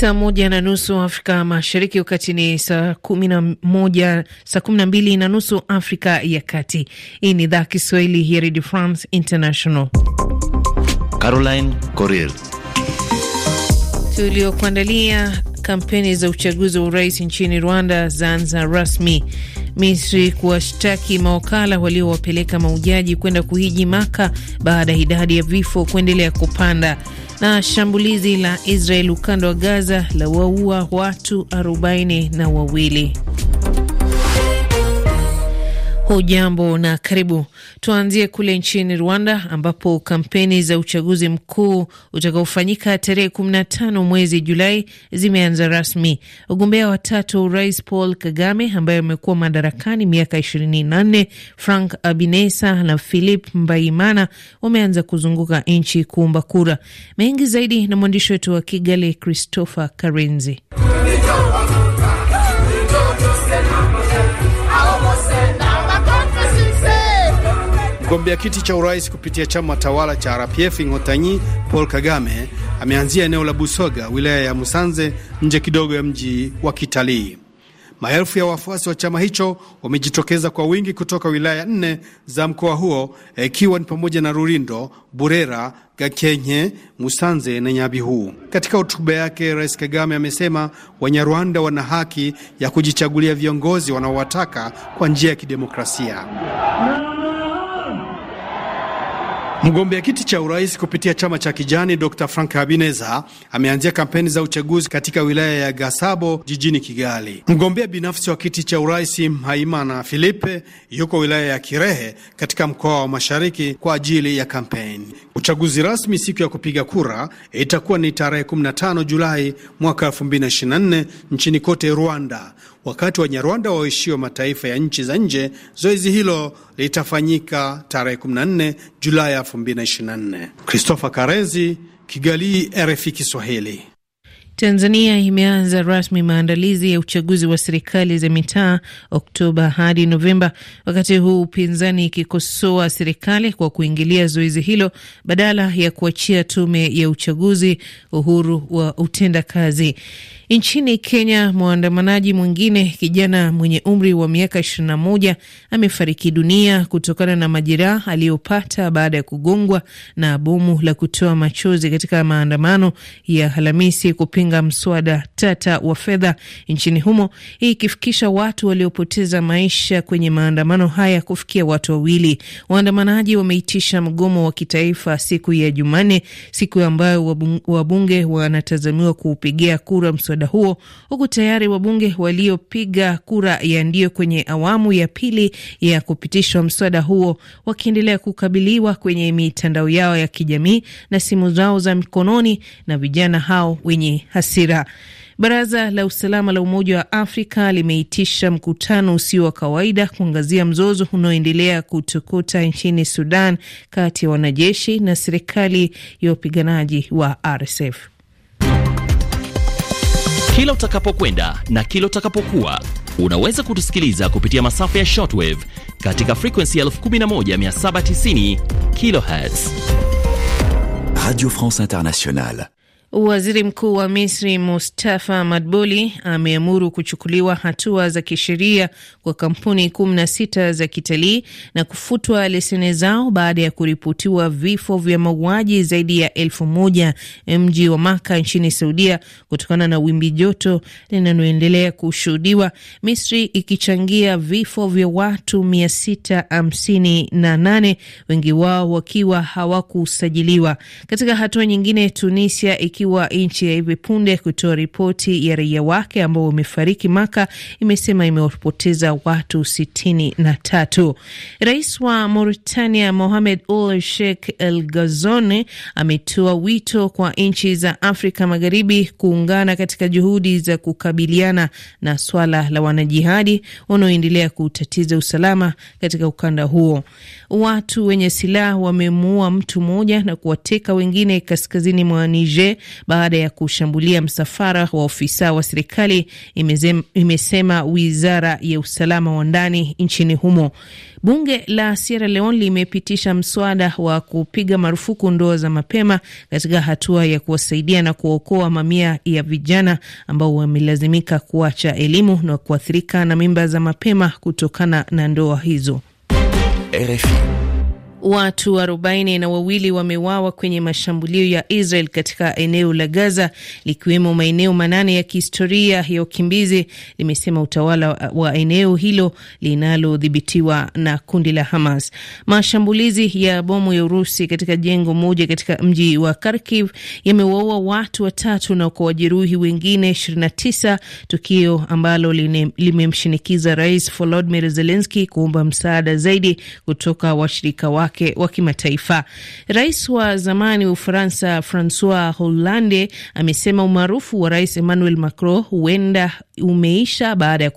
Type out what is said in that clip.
Saa moja na nusu Afrika Mashariki, wakati ni saa kumi na moja saa kumi na mbili na nusu Afrika ya Kati. Hii ni idhaa Kiswahili ya Redio France International. Caroline Corel tuliokuandalia kampeni za uchaguzi wa urais nchini Rwanda zaanza rasmi. Misri kuwashtaki mawakala waliowapeleka maujaji kwenda kuhiji Maka baada ya idadi ya vifo kuendelea kupanda. Na shambulizi la Israel ukanda wa Gaza la waua watu arobaini na wawili. Hujambo na karibu. Tuanzie kule nchini Rwanda ambapo kampeni za uchaguzi mkuu utakaofanyika tarehe 15 mwezi Julai zimeanza rasmi. ugombea watatu rais Paul Kagame ambaye amekuwa madarakani miaka 24, Frank Abinesa na Philip Mbaimana wameanza kuzunguka nchi kuomba kura. Mengi zaidi na mwandishi wetu wa Kigali, Christopher Karenzi. Mgombea kiti cha urais kupitia chama tawala cha RPF Ng'otanyi Paul Kagame ameanzia eneo la Busoga, wilaya ya Musanze, nje kidogo ya mji wa kitalii. Maelfu ya wafuasi wa chama hicho wamejitokeza kwa wingi kutoka wilaya nne za mkoa huo, ikiwa ni pamoja na Rurindo, Burera, Gakenye, Musanze na Nyabihu. Katika hotuba yake, Rais Kagame amesema Wanyarwanda wana haki ya kujichagulia viongozi wanaowataka kwa njia ya kidemokrasia. Mgombea kiti cha urais kupitia chama cha kijani Dr Frank Habineza ameanzia kampeni za uchaguzi katika wilaya ya Gasabo jijini Kigali. Mgombea binafsi wa kiti cha urais Mhaimana Filipe yuko wilaya ya Kirehe katika mkoa wa Mashariki kwa ajili ya kampeni. Uchaguzi rasmi siku ya kupiga kura itakuwa ni tarehe 15 Julai mwaka 2024 nchini kote Rwanda, wakati wa nyarwanda waishio mataifa ya nchi za nje. Zoezi hilo litafanyika tarehe 14 Julai 224 Christopher Karezi, Kigali, rf Kiswahili. Tanzania imeanza rasmi maandalizi ya uchaguzi wa serikali za mitaa Oktoba hadi Novemba, wakati huu upinzani ikikosoa serikali kwa kuingilia zoezi hilo badala ya kuachia tume ya uchaguzi uhuru wa utendakazi. Nchini Kenya, mwandamanaji mwingine kijana mwenye umri wa miaka 21 amefariki dunia kutokana na majeraha aliyopata baada ya kugongwa na bomu la kutoa machozi katika maandamano ya Alhamisi kupinga kupinga mswada tata wa fedha nchini humo, hii ikifikisha watu waliopoteza maisha kwenye maandamano haya kufikia watu wawili. Waandamanaji wameitisha mgomo wa kitaifa siku ya Jumanne, siku ambayo wabunge wanatazamiwa kuupigia kura mswada huo, huku tayari wabunge waliopiga kura ya ndio kwenye awamu ya pili ya kupitishwa mswada huo wakiendelea kukabiliwa kwenye mitandao yao ya kijamii na simu zao za mikononi na vijana hao wenye hasira. Baraza la usalama la Umoja wa Afrika limeitisha mkutano usio wa kawaida kuangazia mzozo unaoendelea kutokota nchini Sudan kati ya wanajeshi na serikali ya wapiganaji wa RSF. Kila utakapokwenda na kila utakapokuwa unaweza kutusikiliza kupitia masafa ya shortwave katika frekuensi 11790 kilohertz. Radio France Internationale. Waziri Mkuu wa Misri Mustafa Madbuli ameamuru kuchukuliwa hatua za kisheria kwa kampuni kumi na sita za kitalii na kufutwa leseni zao baada ya kuripotiwa vifo vya mauaji zaidi ya elfu moja mji wa Maka nchini Saudia kutokana na wimbi joto linaloendelea kushuhudiwa, Misri ikichangia vifo vya watu 658 wengi wao wakiwa hawakusajiliwa. Katika hatua nyingine, Tunisia wa nchi ya hivi punde kutoa ripoti ya raia wake ambao wamefariki Maka imesema imewapoteza watu sitini na tatu. Rais wa Mauritania Mohamed ul Sheikh El Ghazouani ametoa wito kwa nchi za Afrika Magharibi kuungana katika juhudi za kukabiliana na swala la wanajihadi wanaoendelea kutatiza usalama katika ukanda huo. Watu wenye silaha wamemuua mtu mmoja na kuwateka wengine kaskazini mwa Niger baada ya kushambulia msafara wa ofisa wa serikali, imesema wizara ya usalama wa ndani nchini humo. Bunge la Sierra Leone limepitisha mswada wa kupiga marufuku ndoa za mapema katika hatua ya kuwasaidia na kuokoa mamia ya vijana ambao wamelazimika kuacha elimu na kuathirika na mimba za mapema kutokana na ndoa hizo. RFI. Watu arobaini na wawili wamewawa kwenye mashambulio ya Israel katika eneo la Gaza, likiwemo maeneo manane ya kihistoria ya ukimbizi, limesema utawala wa eneo hilo linalodhibitiwa na kundi la Hamas. Mashambulizi ya bomu ya Urusi katika jengo moja katika mji wa Kharkiv yamewaua watu watatu na kuwajeruhi wengine 29, tukio ambalo limemshinikiza Rais volodimir zelenski kuomba msaada zaidi kutoka washirika wa wake wa kimataifa. Rais wa zamani wa Ufaransa Francois Hollande amesema umaarufu wa Rais Emmanuel Macron huenda umeisha baada ya